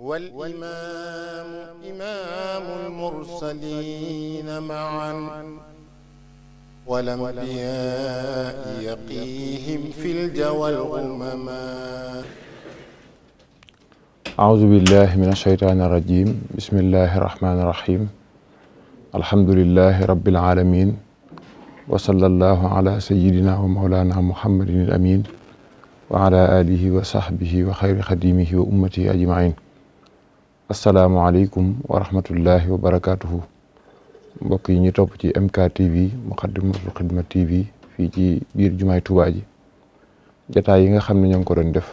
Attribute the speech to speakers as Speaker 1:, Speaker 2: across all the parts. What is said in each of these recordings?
Speaker 1: والإمام إمام المرسلين معا والأنبياء يقيهم في الجوى الأمما أعوذ بالله من الشيطان الرجيم بسم الله الرحمن الرحيم الحمد لله رب العالمين وصلى الله على سيدنا ومولانا محمد الأمين وعلى آله وصحبه وخير خديمه وأمته أجمعين asalaamualeykum wa rahmatullahi wa barakaatuhu mbokk yi ñu topp ci MK TV Muqaddimatul Xidma TV fii ci biir jumaay Tuubaa ji jataay yi nga xam ne ñoo ngi ko doon def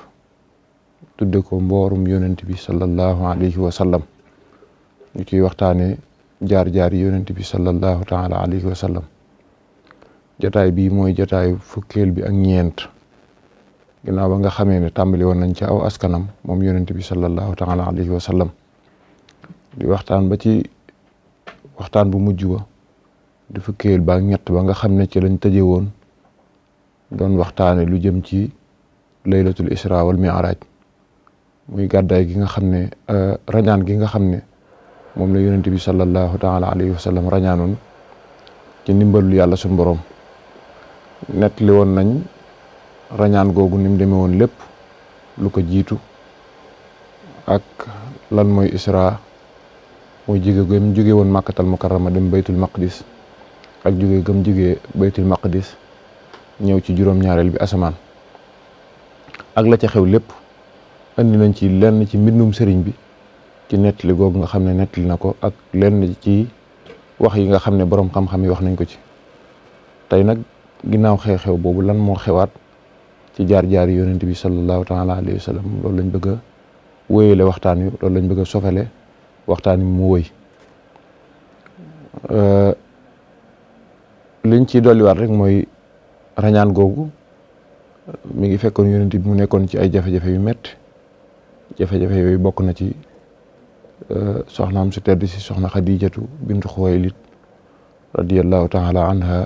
Speaker 1: tudde ko mborum yonent bi sallallahu alayhi wa sallam ñu ciy waxtaane jaar-jaar yonent bi sallallahu bii mooy jataay fukkeel bi ak ñeent ginnaaw ba nga xamee ne tàmbali woon nañ ci aw askanam moom yonent bi sallallahu taala alayhi wa sallam di waxtaan ba ci waxtaan bu mujj ba di fukkeel ba ak ñett ba nga xam ne ci lañ tëje woon doon waxtaane lu jëm ci laylatul isra wal mi'raj muy gàddaay gi nga xam ne euh, rañaan gi nga xam ne moom la yonent bi sallallahu taala alayhi rañaanoon ci ndimbalu yàlla suñu borom nettali woon nañ rañaan googu ni mu demee woon lépp lu ko jiitu ak lan mooy isra moo jóge gëm jóge woon màkkatal mukarrama dem baytul maqdis ak jóge gëm jóge baytul maqdis ñëw ci juróom-ñaareel bi asamaan ak la ca xew lépp andi nañ ci lenn ci mbindum sëriñ bi ci nettali googu nga xam ne nettili na ko ak lenn ci wax yi nga xam ne boroom xam-xam yi wax nañ ko ci tey nag ginnaaw xew-xew boobu lan moo xewaat ci jaar-jaar yi yonent bi sallallahu taala alayhi wa sallam loolu lañ bëgg a waxtaan wi loolu lañ bëgg a sofale waxtaan wi mu woy euh, liñ ci dolliwaat rek mooy rañaan googu mi ngi fekkoon yonent bi mu nekkoon ci ay jafe-jafe yu metti jafe-jafe yooyu bokk na ci euh, soxnaam su tedd si soxna Xadiijatu bintu Xuwaylid radiyallahu taala anha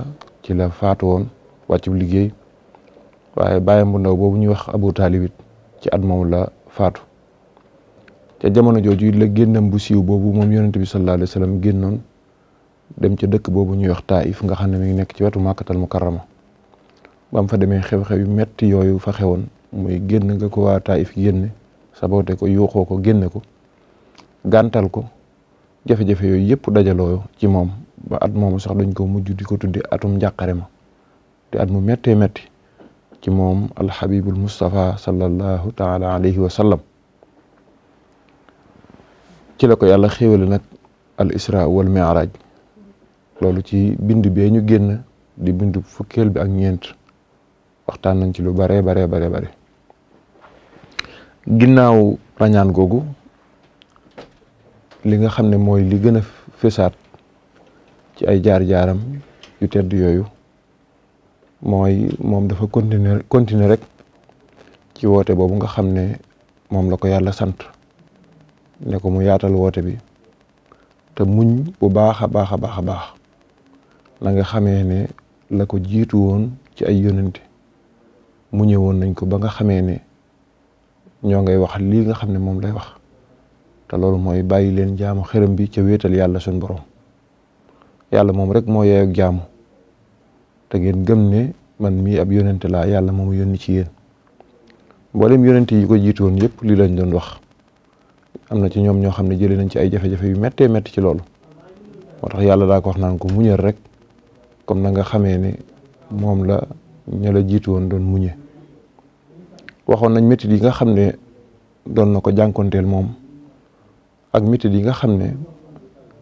Speaker 1: ci la faatu woon wàccub liggéey waaye bàyyam bu ndaw boobu ñuy wax Abu Taalib ci at la faatu ca jamono jooju la génnam bu siiw boobu moom yonent bi sallallahu alayhi wa sallam génnoon dem ca dëkk boobu ñuy wax Taif nga xam ne mi ngi ci wetu Màkkatal Mukarrama ba fa demee xew yu metti yooyu fa xewoon muy génn nga ko waa Taif génne saboote ko yuuxoo ko génne ko gàntal ko jafe yooyu yëpp dajaloo ci moom ba at moomu sax dañ ko mujj di ko tudde atum njàqare ma di at mu méttee métti ci moom alxabibul Mustafa sallallahu taala alayhi wa sallam ci la ko yàlla xéewale nag al isra wal mi'raj loolu ci bindu bee ñu génn di bind fukkeel bi ak ñeent waxtaan nañ ci lu baree baree baree bare ginnaaw rañaan googu li nga xam ne mooy li gën a fesaat ci ay jaar-jaaram yu tedd yooyu mooy moom dafa continuer continuer rek ci woote boobu nga xam ne moom la ko yàlla sant ne ko mu yaatal woote bi te muñ bu baax a baax a baax a baax la nga xamee ne la ko jiitu woon ci ay yonente mu ñëwoon nañ ko ba nga xamee ne ñoo ngay wax lii nga xam ne moom lay wax te loolu mooy bàyyi leen jaamu xërëm bi ca wéetal yàlla suñ borom yàlla moom rek moo yeeyoog jaamu te ngeen gëm ne man mii ab yonente laa yàlla moom yónni ci yéen mboolem yonente yi ko jiitoon yëpp lii lañ doon wax am na ci ñoom ñoo xam ne jëlee nañ ci ay jafe-jafe yu méttee métti ci loolu moo tax yàlla daa ko wax naan ko muñal rek comme na nga xamee ni moom la ña la jiitu woon doon muñe waxoon nañ métit yi nga xam ne doon na ko jànkonteel moom ak métit yi nga xam ne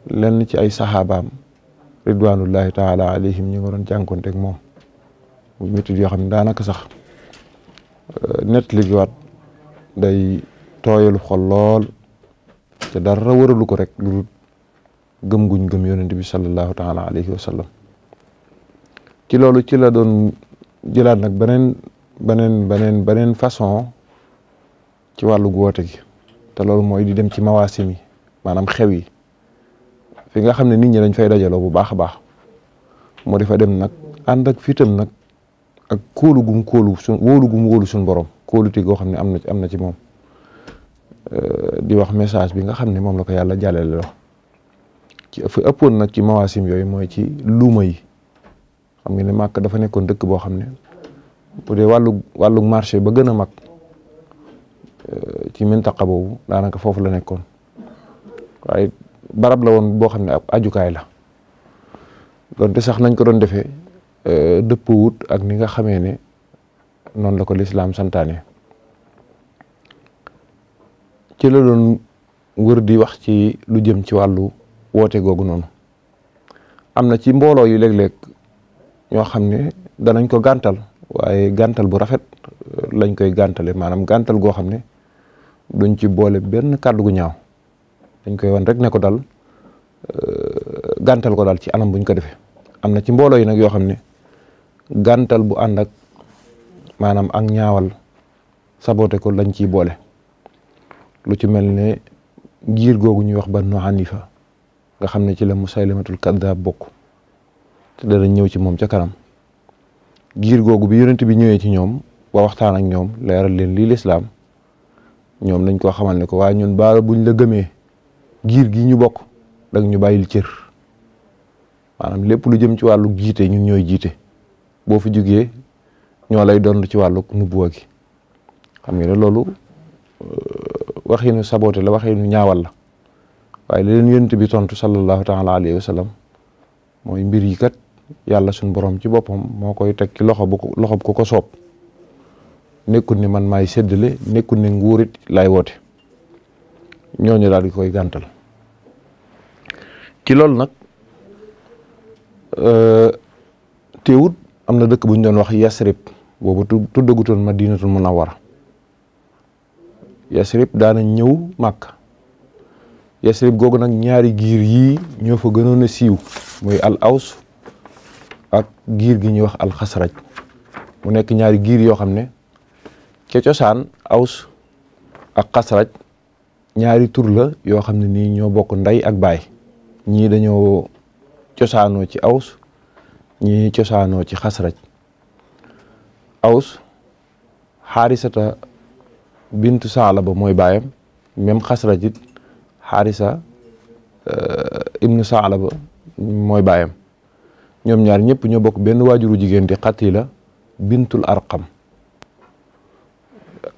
Speaker 1: lenn ci ay saxaabaam ridwanullahi taala alayhim ñu nga doon jànkonteeg moom métit yoo xam ne daanaka sax euh, net ligiwaat day tooyalu xol lool te dara waralu ko rek lu gëm guñ gëm yonent bi sallallahu taala alayhi wa sallam ci loolu ci la doon jëlaat nag beneen beneen beneen beneen façon ci wàllu woote gi te loolu mooy di dem ci mawaasim yi maanaam xew yi fi nga xam ne nit ñi dañ fay dajaloo bu baax a baax moo di dem nag ànd ak fitam nag ak kóolu gum kóolu suñ wóolu gum wóolu suñ borom kóoluti goo xam ne am na ci am na ci moom di wax message bi nga xam ne moom la ko yàlla jàllale wax ci fi ëppoon na ci mawaasim yooyu mooy ci luuma yi xam nga ne màkk dafa nekkoon dëkk boo xam ne bu dee wàllu wàllu marché ba gën a mag euh, ci mintaqa boobu daanaka foofu la nekkoon waaye barab la woon boo xam ne ab ajukaay la donte sax nañ ko doon defee euh, dëppwut ak ni nga xamee ne noonu la ko lislaam santaane ci la doon wër di wax ci lu jëm ci wàllu woote googu noonu am na ci mbooloo yu léeg-léeg ñoo xam ne danañ ko gàntal waaye gàntal bu rafet euh, lañ koy gàntale maanaam gàntal goo xam ne duñ ci boole benn kàddu gu ñaaw dañ koy wan rek ne ko dal euh, gàntal ko daal ci anam buñ ko defee am na ci mbooloo yi nag yoo xam ne gàntal bu ànd ak maanaam ak ñaawal saboté ko lañ ciy boole lu ci mel ne giir googu ñuy wax Banu Hanifa nga xam ne ci la Musaylimatul Kaddaab bokk te dara ñëw ci moom ca kanam giir googu bi yonent bi ñëwee ci ñoom ba waxtaan ak ñoom leeral leen lii lislaam ñoom dañ koo xamal ne ko waaye ñun baara buñ la gëmee giir gi ñu bokk dag ñu bàyyil cër maanaam lépp lu jëm ci wàllu giite ñun ñooy jiite boo fi jugee ñoo lay doon ci wàllu nubuwa gi xam nga ne loolu waxinu saboote la waxinu ñaawal la waaye li leen yonent bi tontu sallallahu taala alayhi wa sallam mooy mbir yi kat yàlla suñ borom ci boppam moo koy teg ci loxo ko loxo bu ko ko soob nekkul ni man maay séddale nekkul ni nguurit lay woote ñooñu daal di koy gantal ci loolu nag euh, teewut am na dëkk bu doon wax Yasrib boobu tuddagutoon a war yasrib daana ñëw màkk yasrib googu nag ñaari giir yii ñoo fa gënoon a siiw muy al aws ak giir gi ñuy wax al xasraj mu nekk ñaari giir yoo xam ne ca cosaan aws ak xasraj ñaari turla yoo xam ne nii ñoo bokk ndey ak baay ñii dañoo cosaanoo ci aws ñii cosaanoo ci xasraj aws xaarisata bintu saala ba mooy baayam même xasraj it xaarisa euh, ibnu saala ba mooy baayam ñoom ñaar ñëpp ñoo bokk benn waajuru jigéen di xatila bintul arqam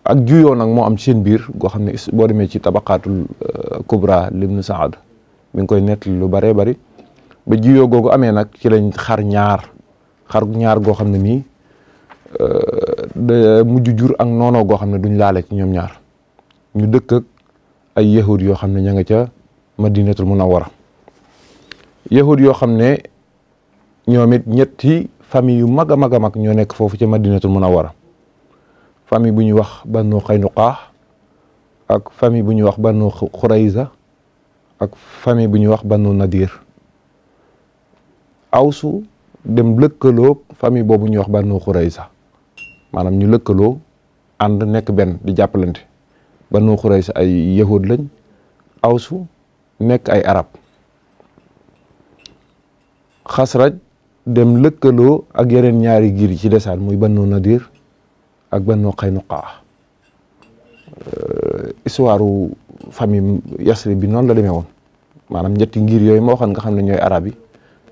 Speaker 1: ak juyoo nag moo am ci seen biir goo xam ne boo demee ci tabaqaatul euh, kubra libnu saad mi ngi koy nettali lu bëree bari ba juyoo googu amee nag ci lañ xar ñaar xar ñaar goo xam ne nii euh, da mujj jur ak noonoo goo xam ne duñ laale ci ñoom ñaar ñu dëkk ay yahud yoo xam ne ña nga ca madinatul munawwara yahud yoo xam ne ñoom it ñetti famille yu mag a mag a mag ñoo nekk foofu ca madinatul munawwara famille bu ñuy wax banu xaynuqaax ak famille bu ñuy wax banu ak famille bu ñuy wax banu nadir awsu dem lëkkaloog famille boobu ñuy wax banu xurayza maanaam ñu lëkkaloo ànd nekk benn di jàppalante banu Xuraysh ay yahud lañ awsu nekk ay arab xasraj dem lëkkaloo ak yeneen ñaari giir yi ci desaan muy banu nadir ak banu xaynuqaa euh, histoire famille yasri bi noonu la demee woon maanaam ñetti ngir yooyu moo xam nga xam ne ñooy arab yi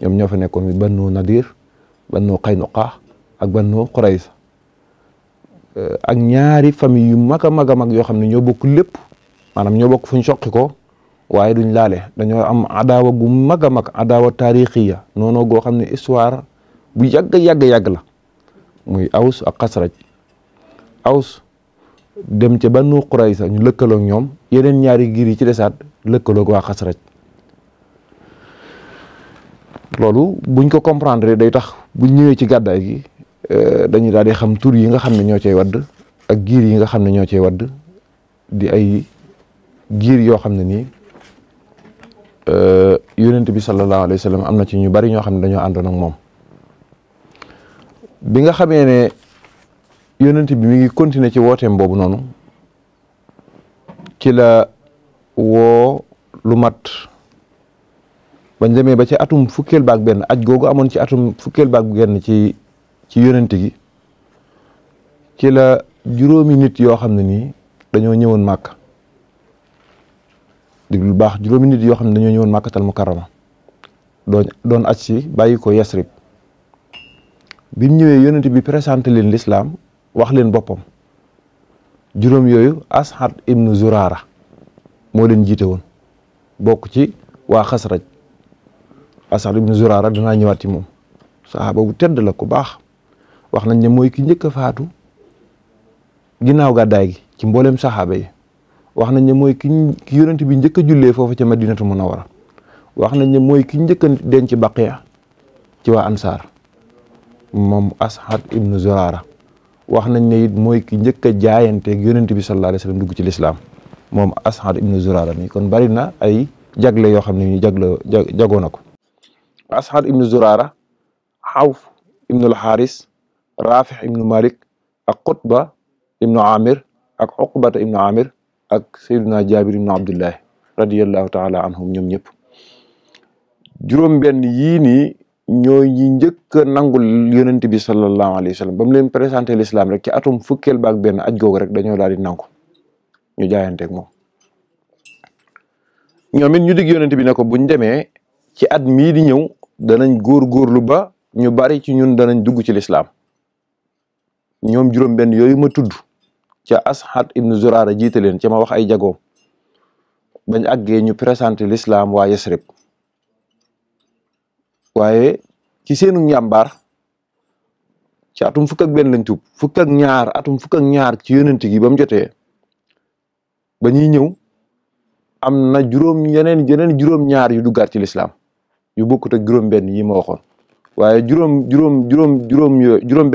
Speaker 1: ñoom ñoo fa nekkoon mi banu nadir banu xaynuqaa ak banu Xuraysh Euh, ak ñaari famille yu mag a mag a mag yoo xam ne ñoo bokk lépp maanaam ñoo bokk fu ñu ko waaye duñ laale dañoo am adaawa gu mag a mag adaawa taarixiya noonu goo xam ne histoire bu yàgg yàgg yàgg la muy aws ak xasraj aws dem ca Banu Qurayza ñu lëkkaloog ñoom yeneen ñaari giir yi ci desaat lëkkaloog waa xasraj loolu buñ ko comprendre day tax buñ ñëwee ci gàddaay gi Euh, dañuy daal di xam tur yi nga xam ne ñoo cay wadd ak giir yi xam ne ñoo cay wadd di ay giir yoo xam ne nii euh, yonent bi sallallahu alayhi wa am na ci ñu bari ñoo xam ne dañoo àndoon moom bi nga xamee ne yonent bi mi ngi continuer ci wooteem boobu noonu ci la woo lu mat bañ demee ba ci atum fukkeel baak benn aj googu amoon ci atum fukkeel baak benn ci ci yonent gi ci la juróomi nit yoo xam ne nii dañoo ñëwoon màkk dégg lu baax juróomi nit yoo xam ne dañoo ñëwoon màkkatal mukarrama doon doon aj si bàyyi ko yasrib bi mu ñëwee yonent bi présenté leen lislaam wax leen boppam juróom yooyu asxad ibnu zuraara moo leen jiite woon bokk ci waa xasraj asxad ibnu zuraara danaa ñëwaat ci moom saxaaba bu tedd la ku baax wax nañ ne mooy ki njëkk a faatu ginnaaw gàddaay gi ci mbooleem saxaaba yi wax nañ ne mooy ki ki yonent bi njëkk a jullee foofu ca madinatu munawara wax nañ ne mooy ki njëkk a denc baqiya ci waa ansaar moom ashad ibnu zurara wax nañ ne it mooy ki njëkk a jaayanteeg bi sallallahu alayhi wa dugg ci lislaam moom ashad ibnu zurara mi kon bari na ay jagle yoo xam ne ñu jagle jagoon na ashad ibnu zurara xawf ibnul xaaris Raafix ibnu Malik ak Qutba ibnu Amir ak Uqbata ibnu Amir ak Seydina Jaabir ibnu Abdullahi radiyallahu taala anhum ñoom ñëpp juróom-benn yii nii ñooy ñi njëkk a nangul yonent bi sallallahu alayhi wa sallam leen présenté l'islam rek ci atum fukkeel baak benn aj googu rek dañoo daal di nangu ñu jaayanteeg moom. ñoom it ñu digg bi ne ko buñ demee ci at mii di ñëw danañ góorgóorlu ba ñu bari ci ñun danañ dugg ci l'islam ñoom juróom-benn yooyu ma tudd ca Asxad ibnu Zuraara jiite leen ca ma wax ay jagoom bañ àggee ñu présenté l'islam waa Yasrib waaye ci seenu njàmbaar ca atum fukk ak benn lañ tuub fukk ak ñaar ci yonent gi ba mu jotee ba ñuy ñëw am na juróom yeneen yeneen juróom-ñaar yu duggaat ci lislaam yu bokkut ak juróom-benn yi ma waxoon juróom juróom juróom juróom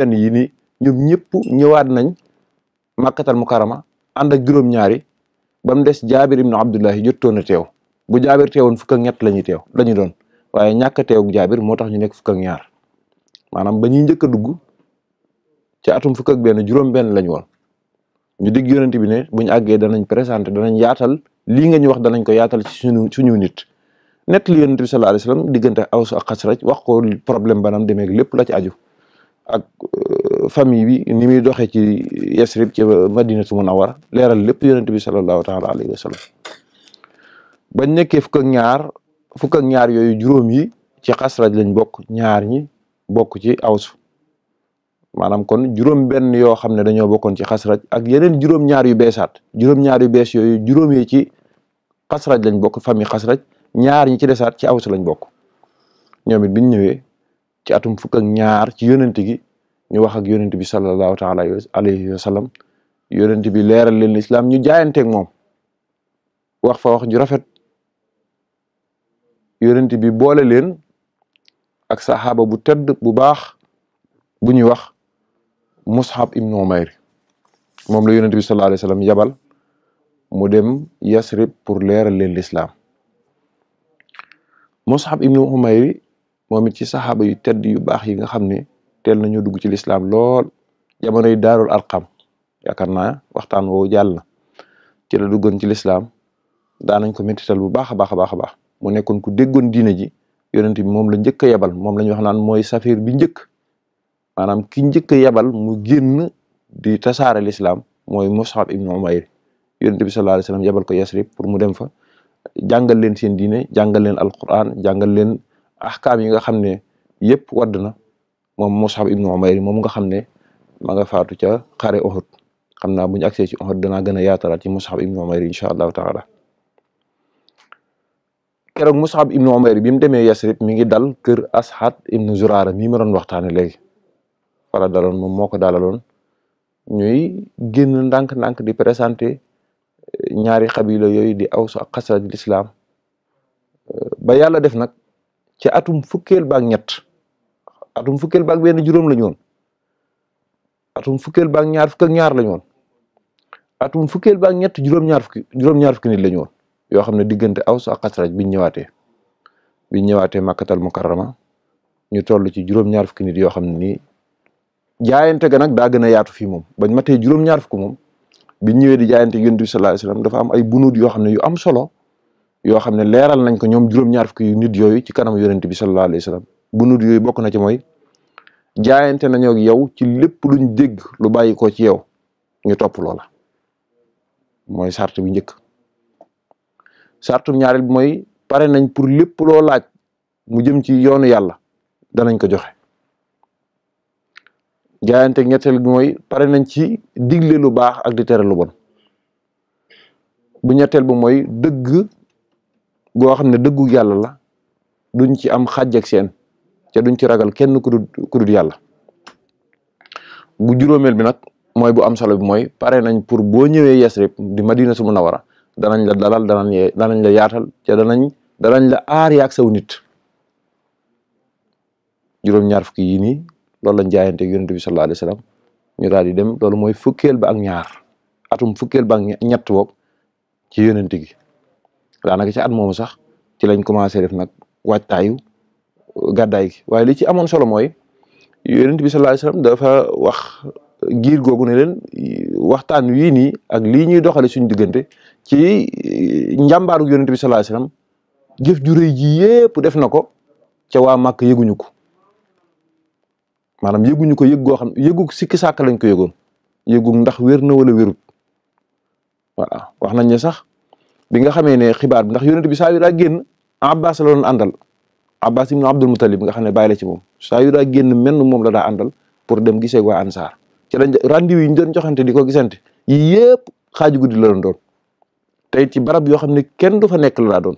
Speaker 1: ñoom ñëpp ñëwaat nañ makkatal mukarama ànd ak juróom-ñaari ba mu des jaabir ibnu abdullahi jottoon a teew bu jaabir teewoon fukk ak ñett la ñuy teew la doon waaye ñàkk a teewug jaabir moo tax ñu nekk fukk ak ñaar maanaam ba ñuy njëkk dugg ci atum fukk ak benn juróom-benn lañ woon ñu digg yonent bi ne buñu àggee danañ présenté danañ yaatal lii nga ñu wax danañ ko yaatal ci suñu suñu nit nett li yonent bi sallallahu alayhi wasallam diggante aws ak wax ko problème banam demeeg lépp la ci aju ak famille bi ni muy doxee ci Yasrib ci Madinatu Munawwara leeral lépp yonent bi sallallahu taala alayhi wa sallam bañ nekkee fukk ñaar fukk ñaar yooyu juróom yi ci xasraj lañ bokk ñaar ñi bokk ci awsu maanaam kon juróom benn yoo xam ne dañoo bokkoon ci xasraj ak yeneen juróom ñaar yu beesaat juróom ñaar yu bees yooyu juróom yi ci xasraj lañ bokk famille xasraj ñaar ñi ci desaat ci awsu lañ bokk ñoom it biñ ñëwee ci atum fukk ñaar ci yonent gi ñu wax ak yonent bi sallallahu taala alayhi wa sallam yonent bi leeral leen lislaam ñu jaayanteeg moom wax fa wax ju rafet yonent bi boole leen ak saxaaba bu tedd bu baax bu ñuy wax Mus'ab ibn Umayr moom la yonent bi sallallahu alayhi wa sallam yabal mu dem Yasrib pour leeral leen lislaam Mus'ab moom it ci saxaaba yu tedd yu baax yi nga xam ne teel nañoo dugg ci lislaam lool jamonoy daarul arqam yaakaar naa waxtaan wo jàll na ci la duggoon ci lislaam daanañ ko métital bu baax a baax a baax a baax mu nekkoon ku déggoon diine ji yonent bi moom la njëkk a yebal moom la ñu wax naan mooy safir bi njëkk maanaam ki njëkk a yebal mu génn di tasaare lislaam mooy Mus'ab ibn Umayr yonent bi sallallahu alayhi wasallam yebal ko Yasrib pour mu dem fa jàngal leen seen diine jàngal leen alquran jàngal leen ahkaam yi nga xam ne yëpp wadd na moom Musab ibnu Umayr moom nga xam ne ma nga faatu ca xare Uhud xam naa bu ñu agsee ci Uhud danaa gën a yaatalaat ci Musab ibnu Umayr incha allahu taala keroog Musab ibnu Umayr bi mu demee Yasrib mi ngi dal kër Asxad ibnu Zuraara mi ma doon waxtaane léegi fala daloon moom moo ko dalaloon ñuy génn ndànk-ndànk di présenté eh, ñaari xabila yooyu di Aws ak Xasraj l'islam eh, ba yàlla def nag ci atum fukkeel baak ñett atum fukkeel ba benn juróom la ñu woon ñaar fukk ñaar la atum fukkeel ba ñett juróom-ñaar fukki juróom-ñaar fukki nit la ñu woon yoo xam ne diggante Aws ak Xasraj biñ ñëwaatee biñ ñëwaatee Makkatal Mukarrama ñu toll ci juróom-ñaar fukki nit yoo xam ne nii jaayante ga nag daa gën a yaatu moom bañ matee juróom-ñaar fukk moom biñ ñewee di jaayante Yonent bi sallallahu alayhi dafa am ay bunuut yoo xam ne yu am solo yoo xam ne leeral nañ ko ñoom juróom-ñaar yooyu ci kanam Yonent bi sallallahu alayhi wasallam bu nut yooyu bokk na ci mooy jaayante nañoo ak yow ci lépp luñ dégg lu bàyyi ko ci yow ñu topp loola mooy sart bi njëkk sartum ñaareel bi mooy pare nañ pour lépp loo laaj mu jëm ci yoonu yàlla danañ ko joxe jaayante ñetteel bi mooy pare nañ ci digle lu baax ak di tere lu bon bu ñetteel bi mooy dëgg goo xam ne dëggu yàlla la duñ ci am xàjj ak seen te duñ ci ragal kenn ku dul ku dul yàlla bu juróomeel bi nag mooy bu am solo bi mooy pare nañ pour boo ñëwee Yasrib di Madinatul Munawwara danañ la dalal danañ danañ la yaatal te danañ danañ la aar yaak saw nit juróom-ñaar fukki yi nii loolu lañ jaayante ak yonent bi sallallahu ñu daal di dem loolu mooy fukkeel ba ak ñaar atum fukkeel ba ak ci yonent gi daanaka ci at moomu sax ci lañ commencé def nag waajtaayu gàddaay gi waaye li ci amoon solo mooy yonent bi sallallahu alayhi wax giir googu ne leen waxtaan wii nii ak lii ñuy doxale suñu diggante ci e, njàmbaaru yonent bi sallallahu alayhi wasallam jëf ju rëy ji yépp def na ko ca waa màkk yëguñu ko maanaam yëguñu ko yëg goo xam yëgug sikki sàkk lañ ko yëgoon yëgug ndax wér wala wérut voilà wax nañ ne sax bi xamee ne xibaar bi ndax yonent bi saa yu daa génn Abbas la doon abbas ibnu abdul mutalib nga xam ne bàyyi la ci moom saa yu daa génn menn moom la andal pour dem giseeg waa ansaar ci lañ rendez yi ñu doon joxante di ko gisante yii yëpp xaaju guddi la doon tey ci barab yoo xam ne kenn du fa nekk la daa doon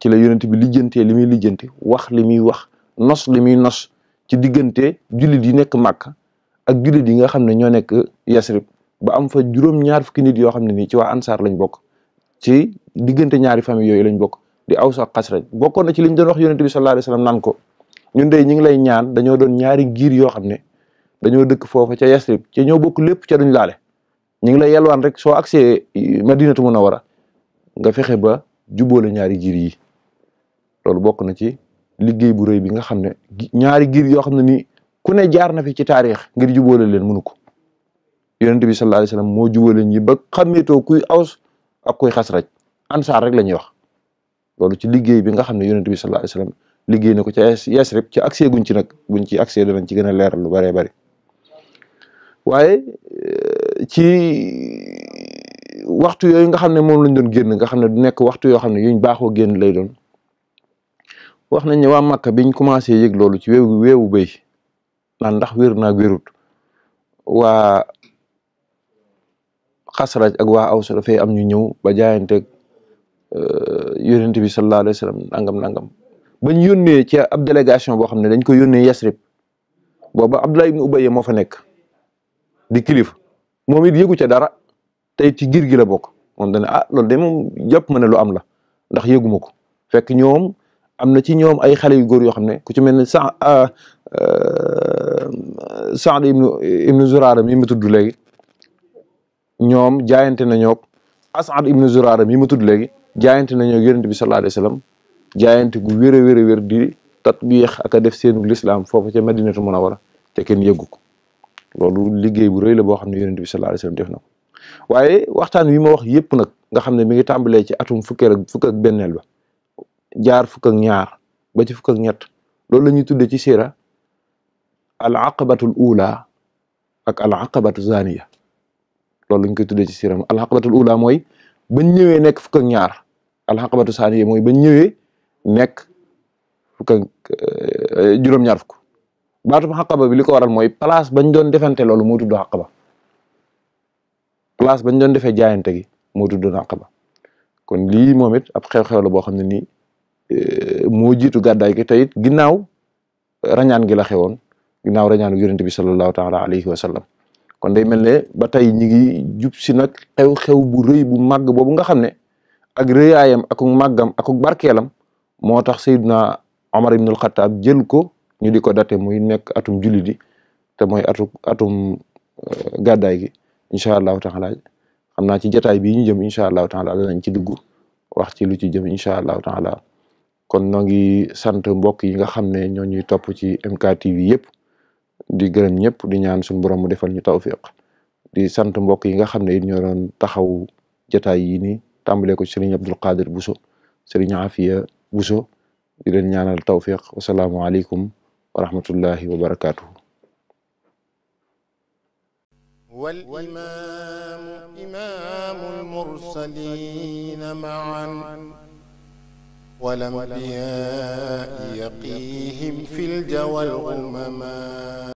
Speaker 1: ci la yonent bi lijjantee li muy lijjanti wax li muy wax nos li muy nos ci diggante jullit yi nekk Màkka ak jullit yi nga xam ne ñoo nekk Yasrib ba am fa juróom ñaar fukki nit yoo xam ne nii ci waa ansaar lañ bokk ci diggante ñaari famille yooyu lañ bokk di aws a xasraj bokkoon a ci liñ doon wax yonente bi sallallahu alayhi wasallam naan ko ñun de ñi ngi lay ñaan dañoo doon ñaari giir yoo xam ne dañoo dëkk foofa ca yasrib ca ñoo bokk lépp ca duñ laale ñu ngi lay yelwaan rek soo agsee na munawara nga fexe ba jubóole ñaari giir yi loolu bokk na ci liggéey bu rëy bi nga xam ne ñaari giir yoo xam ne ni ku ne jaar na fi ci taarix ngir jubóole leen mënu ko yonente bi sallallahu moo jubóole ñi ba xàmmeetoo kuy aws ak kuy xasraj ansaar rek la ñuy wax loolu ci liggéey bi nga xam ne yonent bi sallallahu alayhi wasallam liggéey na ko ci Yasrib ci accès guñ ci nag buñ ci accès danañ ci gën a lu bëree bëri euh, ci waxtu yooyu nga xam ne moom lañ doon génn nga xam ne du nekk waxtu yoo xam ne yuñ baaxoo génn lay doon wax nañ ne waa Makka biñ commencé yëg loolu ci weewu weewu béy naan ndax wér naag wérut waa xasraj ak waa awsa dafay am ñu ñëw ba jaayanteeg Euh, yonent bi sallallahu alayhi wa sallam nangam nangam bañ yónnee ci ab délégation boo xam ne dañ ko yónnee Yasrib booba Abdullah ibn Ubayy moo fa nekk di kilifa moom it yëgu ca dara tey ci giir gi la bokk moom dana ah loolu de moom jàpp ma ne lu am la ndax yëguma ko fekk ñoom am na ci ñoom ay xale yu góor yoo xam ne ku ci mel ne sa ah, euh, Saad ibnu ibnu mi mu tudd léegi ñoom jaayante nañoo Asad ibnu Zuraara mi tudd léegi jaayante nañu ak bi sallallahu alayhi wa jaayante gu wér a wér a wér di tatbiix ak a def seenu lislaam foofu ca madinatu munawara te kenn yëggu ko loolu liggéey bu rëy boo xam ne yonent bi sallallahu alayhi wa sallam def na ko waaye waxtaan wi ma wax yëpp nag nga xam ne mi ngi tàmbalee ci atum fukkeel ak fukk ak benneel ba jaar fukk ak ñaar ba ci fukk ak ñett loolu la tuddee ci siira al aqabatul ula ak al aqabatu zaniya loolu ñu koy tuddee ci siira al aqabatul ula mooy bañ ñëwee nekk fukk ak ñaar alxaqabatu saaniya mooy bañ ñëwee nekk fukk ak eh, juróom-ñaar fukk baatum xaqaba bi li ko waral mooy place bañ doon defante loolu moo tudd xaqaba place bañ doon defee jaayante gi moo tudd xaqaba kon lii moom it ab xew-xew la boo xam ne nii eh, moo jiitu gàddaay gi tey it ginnaaw rañaan gi la xewoon ginnaaw rañaanu yonente bi sallallahu taala alayhi wa sallam kon day mel ne ba tey ñi ngi jub si nag xew-xew bu rëy bu màgg boobu nga xam ne ak rëyaayam akuk màggam akuk barkeelam moo tax Seydina Omar ibnul Xataab jël ko ñu di ko date muy nekk atum jullit yi te mooy atu atum euh, gàddaay gi incha allahu taala xam naa ci jataay bii ñu jëm incha allahu taala danañ ci dugg wax ci lu ci jëm incha allahu taala kon noo ngi sant mbokk yi nga xam ne ñoo ñuy topp ci MK TV yëpp di gërëm ñëpp di ñaan suñu borom mu defal ñu tawfiq di sant mbokk yi nga xam ne it ñoo doon taxaw jataay yi ni ko sëriñ Abdul Qadir Buso Afiya Buso di leen ñaanal tawfiq wasalaamu aleykum wa rahmatullahi wa barakatuhu والإمام إمام المرسلين معا والأنبياء